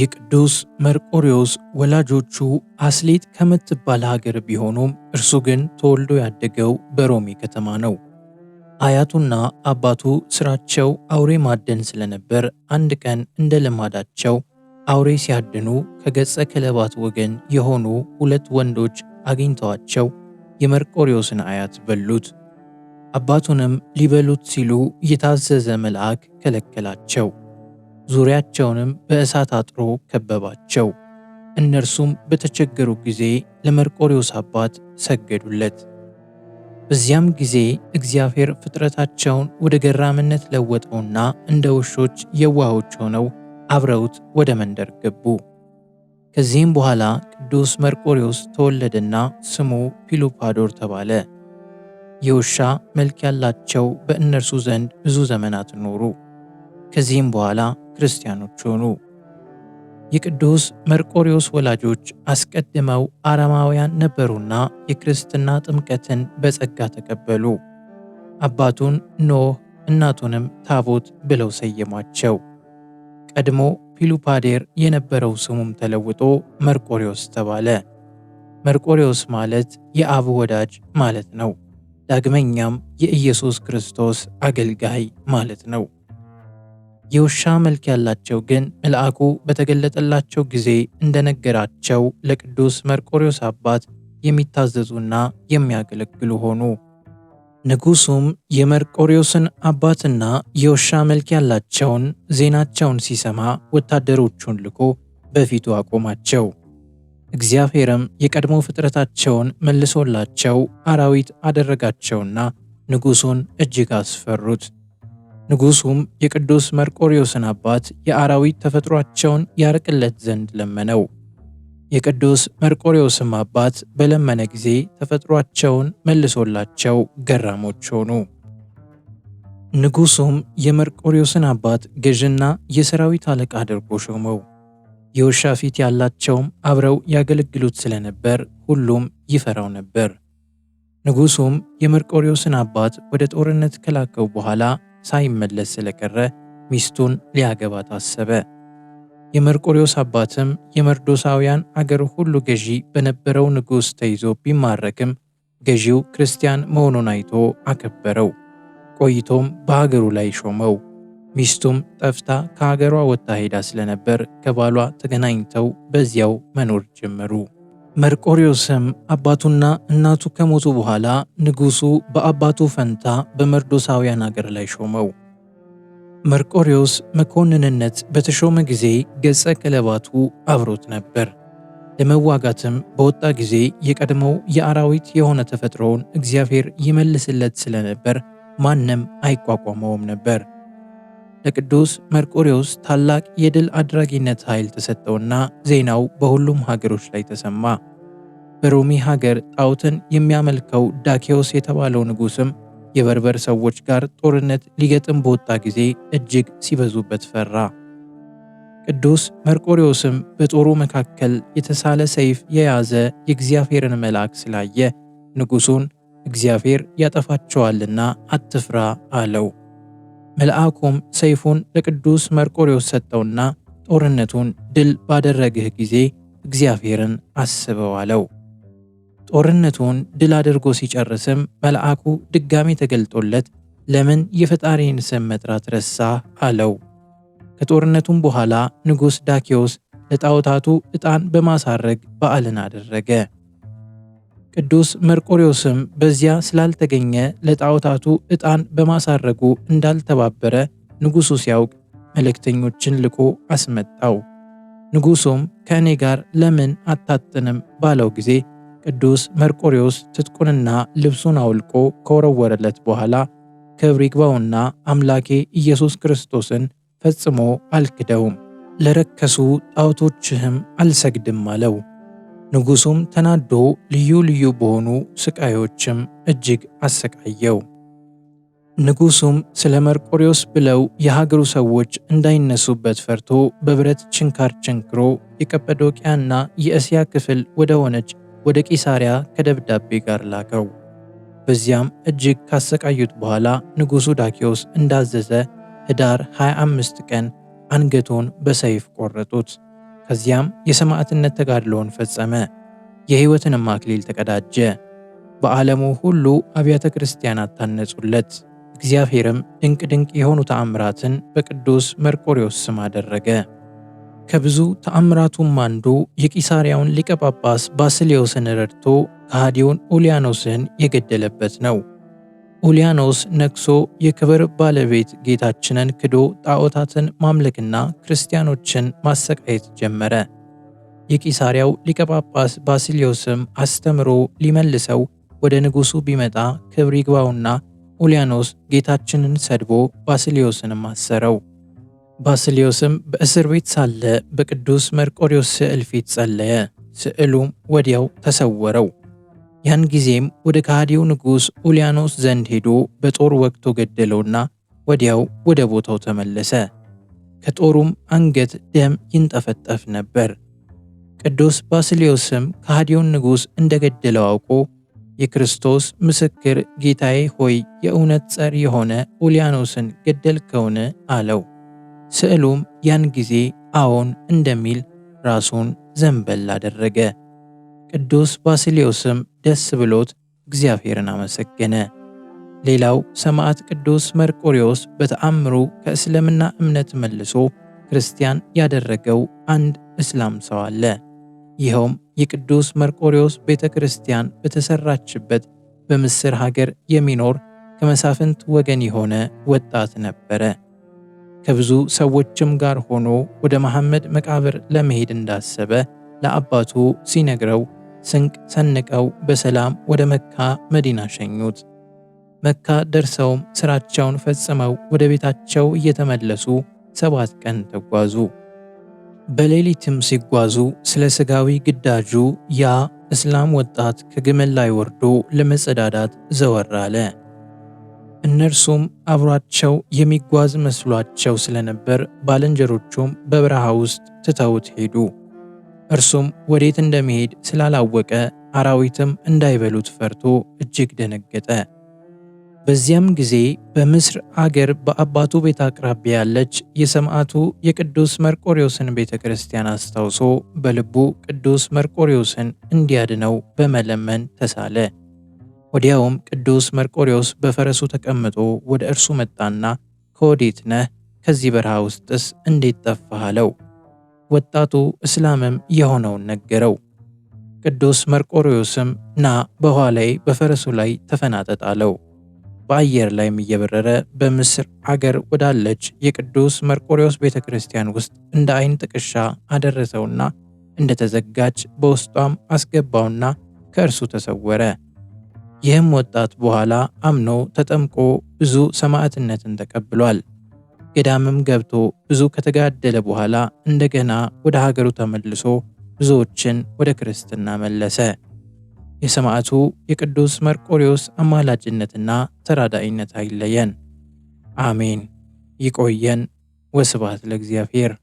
የቅዱስ መርቆሪዎስ ወላጆቹ አስሌጥ ከምትባል ሀገር ቢሆኑም እርሱ ግን ተወልዶ ያደገው በሮሜ ከተማ ነው። አያቱና አባቱ ስራቸው አውሬ ማደን ስለነበር አንድ ቀን እንደ ልማዳቸው አውሬ ሲያድኑ ከገጸ ከለባት ወገን የሆኑ ሁለት ወንዶች አግኝተዋቸው የመርቆሪዎስን አያት በሉት። አባቱንም ሊበሉት ሲሉ የታዘዘ መልአክ ከለከላቸው። ዙሪያቸውንም በእሳት አጥሮ ከበባቸው። እነርሱም በተቸገሩ ጊዜ ለመርቆሪዎስ አባት ሰገዱለት። በዚያም ጊዜ እግዚአብሔር ፍጥረታቸውን ወደ ገራምነት ለወጠውና እንደ ውሾች የዋሆች ሆነው አብረውት ወደ መንደር ገቡ። ከዚህም በኋላ ቅዱስ መርቆሪዎስ ተወለደና ስሙ ፒሉፓዶር ተባለ። የውሻ መልክ ያላቸው በእነርሱ ዘንድ ብዙ ዘመናት ኖሩ። ከዚህም በኋላ ክርስቲያኖች ሆኑ። የቅዱስ መርቆሪዎስ ወላጆች አስቀድመው አረማውያን ነበሩና የክርስትና ጥምቀትን በጸጋ ተቀበሉ። አባቱን ኖህ እናቱንም ታቦት ብለው ሰየሟቸው። ቀድሞ ፒሉፓዴር የነበረው ስሙም ተለውጦ መርቆሪዎስ ተባለ። መርቆሪዎስ ማለት የአብ ወዳጅ ማለት ነው። ዳግመኛም የኢየሱስ ክርስቶስ አገልጋይ ማለት ነው። የውሻ መልክ ያላቸው ግን መልአኩ በተገለጠላቸው ጊዜ እንደነገራቸው ለቅዱስ መርቆሪዎስ አባት የሚታዘዙና የሚያገለግሉ ሆኑ። ንጉሱም የመርቆሪዎስን አባትና የውሻ መልክ ያላቸውን ዜናቸውን ሲሰማ ወታደሮቹን ልኮ በፊቱ አቆማቸው። እግዚአብሔርም የቀድሞ ፍጥረታቸውን መልሶላቸው አራዊት አደረጋቸውና ንጉሱን እጅግ አስፈሩት። ንጉሱም የቅዱስ መርቆሪዎስን አባት የአራዊት ተፈጥሯቸውን ያርቅለት ዘንድ ለመነው። የቅዱስ መርቆሪዎስም አባት በለመነ ጊዜ ተፈጥሯቸውን መልሶላቸው ገራሞች ሆኑ። ንጉሱም የመርቆሪዎስን አባት ገዥና የሰራዊት አለቃ አድርጎ ሾመው። የውሻ ፊት ያላቸውም አብረው ያገለግሉት ስለነበር ሁሉም ይፈራው ነበር። ንጉሱም የመርቆሪዎስን አባት ወደ ጦርነት ከላከው በኋላ ሳይመለስ ስለቀረ ሚስቱን ሊያገባ ታሰበ። የመርቆሪዎስ አባትም የመርዶሳውያን አገር ሁሉ ገዢ በነበረው ንጉሥ ተይዞ ቢማረክም ገዢው ክርስቲያን መሆኑን አይቶ አከበረው። ቆይቶም በአገሩ ላይ ሾመው። ሚስቱም ጠፍታ ከአገሯ ወጥታ ሄዳ ስለነበር ከባሏ ተገናኝተው በዚያው መኖር ጀመሩ። መርቆሪዎስም አባቱና እናቱ ከሞቱ በኋላ ንጉሡ በአባቱ ፈንታ በመርዶሳውያን አገር ላይ ሾመው። መርቆሪዮስ መኮንንነት በተሾመ ጊዜ ገጸ ከለባቱ አብሮት ነበር። ለመዋጋትም በወጣ ጊዜ የቀድሞው የአራዊት የሆነ ተፈጥሮውን እግዚአብሔር ይመልስለት ስለነበር ማንም አይቋቋመውም ነበር። ለቅዱስ መርቆሬዎስ ታላቅ የድል አድራጊነት ኃይል ተሰጠውና ዜናው በሁሉም ሀገሮች ላይ ተሰማ። በሮሚ ሀገር ጣዖትን የሚያመልከው ዳኬዎስ የተባለው ንጉሥም የበርበር ሰዎች ጋር ጦርነት ሊገጥም በወጣ ጊዜ እጅግ ሲበዙበት ፈራ። ቅዱስ መርቆሬዎስም በጦሩ መካከል የተሳለ ሰይፍ የያዘ የእግዚአብሔርን መልአክ ስላየ ንጉሡን እግዚአብሔር ያጠፋቸዋልና አትፍራ አለው። መልአኩም ሰይፉን ለቅዱስ መርቆሬዎስ ሰጠውና ጦርነቱን ድል ባደረግህ ጊዜ እግዚአብሔርን አስበው አለው። ጦርነቱን ድል አድርጎ ሲጨርስም መልአኩ ድጋሚ ተገልጦለት ለምን የፈጣሪን ስም መጥራት ረሳ አለው። ከጦርነቱም በኋላ ንጉሥ ዳኪዎስ ለጣዖታቱ ዕጣን በማሳረግ በዓልን አደረገ። ቅዱስ መርቆሪዎስም በዚያ ስላልተገኘ ለጣዖታቱ ዕጣን በማሳረጉ እንዳልተባበረ ንጉሡ ሲያውቅ መልእክተኞችን ልኮ አስመጣው። ንጉሡም ከእኔ ጋር ለምን አታጥንም ባለው ጊዜ ቅዱስ መርቆሪዎስ ትጥቁንና ልብሱን አውልቆ ከወረወረለት በኋላ ክብር ይግባውና አምላኬ ኢየሱስ ክርስቶስን ፈጽሞ አልክደውም፣ ለረከሱ ጣዖቶችህም አልሰግድም አለው። ንጉሱም ተናዶ ልዩ ልዩ በሆኑ ስቃዮችም እጅግ አሰቃየው። ንጉሱም ስለ መርቆሪዎስ ብለው የሀገሩ ሰዎች እንዳይነሱበት ፈርቶ በብረት ችንካር ቸንክሮ የቀጰዶቅያና የእስያ ክፍል ወደ ሆነች ወደ ቂሳሪያ ከደብዳቤ ጋር ላከው። በዚያም እጅግ ካሰቃዩት በኋላ ንጉሡ ዳኪዎስ እንዳዘዘ ህዳር 25 ቀን አንገቱን በሰይፍ ቆረጡት። ከዚያም የሰማዕትነት ተጋድሎውን ፈጸመ፣ የሕይወትንም አክሊል ተቀዳጀ። በዓለሙ ሁሉ አብያተ ክርስቲያናት ታነጹለት። እግዚአብሔርም ድንቅ ድንቅ የሆኑ ተአምራትን በቅዱስ መርቆሪዎስ ስም አደረገ። ከብዙ ተአምራቱም አንዱ የቂሳሪያውን ሊቀ ጳጳስ ባስሌዮስን ረድቶ ከሃዲውን ኡልያኖስን የገደለበት ነው። ኡሊያኖስ ነግሶ የክብር ባለቤት ጌታችንን ክዶ ጣዖታትን ማምለክና ክርስቲያኖችን ማሰቃየት ጀመረ። የቂሳሪያው ሊቀጳጳስ ባሲሊዮስም አስተምሮ ሊመልሰው ወደ ንጉሱ ቢመጣ ክብር ይግባውና ኡሊያኖስ ጌታችንን ሰድቦ ባሲሊዮስንም አሰረው። ባሲሊዮስም በእስር ቤት ሳለ በቅዱስ መርቆሪዎስ ስዕል ፊት ጸለየ። ስዕሉም ወዲያው ተሰወረው። ያን ጊዜም ወደ ከሃዲው ንጉሥ ኡሊያኖስ ዘንድ ሄዶ በጦር ወቅቶ ገደለውና ወዲያው ወደ ቦታው ተመለሰ። ከጦሩም አንገት ደም ይንጠፈጠፍ ነበር። ቅዱስ ባስልዮስም ከሃዲውን ንጉሥ እንደገደለው አውቆ የክርስቶስ ምስክር ጌታዬ ሆይ የእውነት ጸር የሆነ ኡልያኖስን ገደልከውን? አለው። ስዕሉም ያን ጊዜ አዎን እንደሚል ራሱን ዘንበል አደረገ። ቅዱስ ባስልዮስም ደስ ብሎት እግዚአብሔርን አመሰገነ። ሌላው ሰማዕት ቅዱስ መርቆሪዎስ በተአምሩ ከእስልምና እምነት መልሶ ክርስቲያን ያደረገው አንድ እስላም ሰው አለ። ይኸውም የቅዱስ መርቆሪዎስ ቤተ ክርስቲያን በተሰራችበት በምስር ሀገር የሚኖር ከመሳፍንት ወገን የሆነ ወጣት ነበረ። ከብዙ ሰዎችም ጋር ሆኖ ወደ መሐመድ መቃብር ለመሄድ እንዳሰበ ለአባቱ ሲነግረው ስንቅ ሰንቀው በሰላም ወደ መካ መዲና ሸኙት። መካ ደርሰውም ሥራቸውን ፈጽመው ወደ ቤታቸው እየተመለሱ ሰባት ቀን ተጓዙ። በሌሊትም ሲጓዙ ስለ ስጋዊ ግዳጁ ያ እስላም ወጣት ከግመል ላይ ወርዶ ለመጸዳዳት ዘወር አለ። እነርሱም አብሯቸው የሚጓዝ መስሏቸው ስለነበር ባልንጀሮቹም በበረሃ ውስጥ ትተውት ሄዱ። እርሱም ወዴት እንደሚሄድ ስላላወቀ አራዊትም እንዳይበሉት ፈርቶ እጅግ ደነገጠ። በዚያም ጊዜ በምስር አገር በአባቱ ቤት አቅራቢያ ያለች የሰማዕቱ የቅዱስ መርቆሪዎስን ቤተ ክርስቲያን አስታውሶ በልቡ ቅዱስ መርቆሪዎስን እንዲያድነው በመለመን ተሳለ። ወዲያውም ቅዱስ መርቆሪዎስ በፈረሱ ተቀምጦ ወደ እርሱ መጣና ከወዴት ነህ? ከዚህ በረሃ ውስጥስ እንዴት ጠፋህ? አለው። ወጣቱ እስላምም የሆነውን ነገረው። ቅዱስ መርቆሪዎስም ና በኋላይ በፈረሱ ላይ ተፈናጠጣለው። በአየር ላይም እየበረረ በምስር አገር ወዳለች የቅዱስ መርቆሪዎስ ቤተ ክርስቲያን ውስጥ እንደ ዓይን ጥቅሻ አደረሰውና እንደተዘጋች በውስጧም አስገባውና ከእርሱ ተሰወረ። ይህም ወጣት በኋላ አምኖ ተጠምቆ ብዙ ሰማዕትነትን ተቀብሏል። ገዳምም ገብቶ ብዙ ከተጋደለ በኋላ እንደገና ወደ ሀገሩ ተመልሶ ብዙዎችን ወደ ክርስትና መለሰ። የሰማዕቱ የቅዱስ መርቆሪዎስ አማላጅነትና ተራዳኢነት አይለየን፣ አሜን። ይቆየን። ወስብሐት ለእግዚአብሔር።